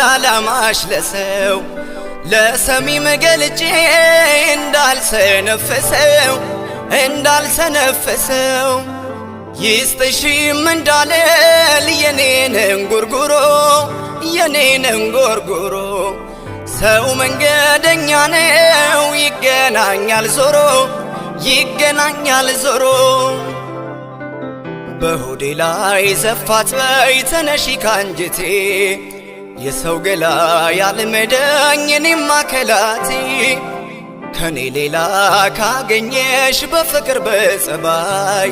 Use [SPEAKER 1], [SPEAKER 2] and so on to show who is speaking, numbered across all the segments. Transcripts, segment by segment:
[SPEAKER 1] ዳላማሽ ለሰው ለሰሚም ገልጬ እንዳልሰነፈሰው እንዳልሰነፈሰው ይስጥሽም እንዳለል የኔንን ጎርጉሮ የኔን ጎርጉሮ ሰው መንገደኛ ነው ይገናኛል ዞሮ ይገናኛል ዞሮ በሆዴ ላይ ዘፋት በይ ተነሺ የሰው ገላ ያልመደኝ እኔማ ከላቲ ከኔ ሌላ ካገኘሽ በፍቅር በጸባይ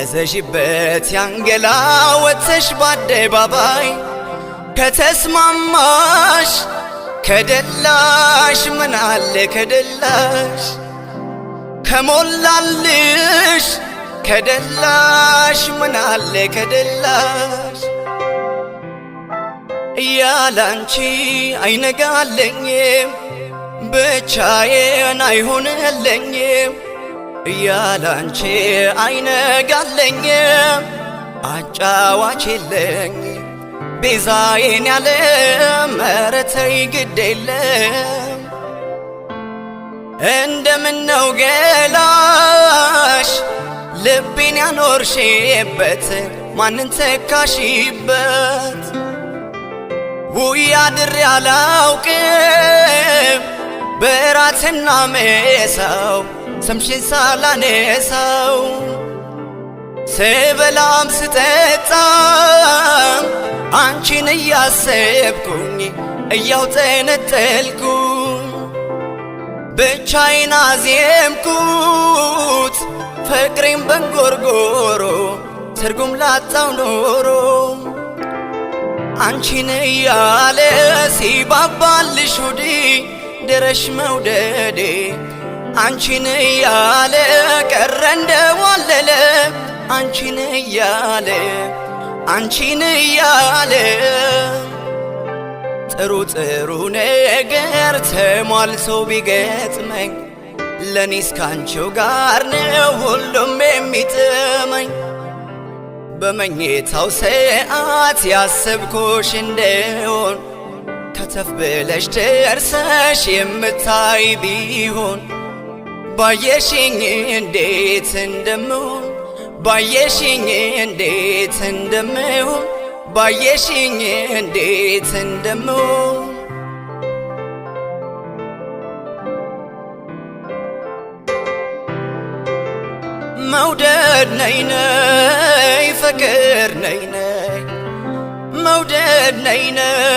[SPEAKER 1] እዘዥበት ያንገላ ወተሽ በአደባባይ ከተስማማሽ ከደላሽ ምን አለ ከደላሽ ከሞላልሽ ከደላሽ ምን አለ ከደላሽ እያላንቺ አይነጋለኝም ብቻዬን አይሆንለኝም እያላንቺ አይነጋለኝም አጫዋች የለኝ ቤዛዬን ያለ መረተይ ግድ የለም እንደምነው ገላሽ ልቤን ያኖርሽበት ማንን ተካሽበት ውይ አድሬ አላውቅም በራትና ሜሰው ስምሽን ሳላነሳው ስበላም ስጠጣም አንቺን እያሰብኩኝ እያውጠነጠልኩ ጠነጠልኩ ብቻዬን አዜምኩት ፍቅሬን በንጎርጎሮ ትርጉም ላጣው ኖሮ አንቺን እያለ ሲባባልሽ ውዴ ደረሽ መውደዴ አንቺን እያለ ቀረ እንደዋለለ አንቺን እያለ አንቺን እያለ ጥሩ ጥሩ ነገር ተሟልቶ ቢገጥመኝ ለኔ እስካንቺው ጋር ነው ሁሉም የሚጥመኝ በመኝታው ሰዓት ያሰብኩሽ እንደሆን ከተፍ ብለሽ ደርሰሽ የምታይ ቢሆን ባየሽኝ እንዴት እንደምሆን ባየሽኝ እንዴት እንደምሆን ባየሽኝ እንዴት እንደምሆን መውደድ ነይነ ابنينا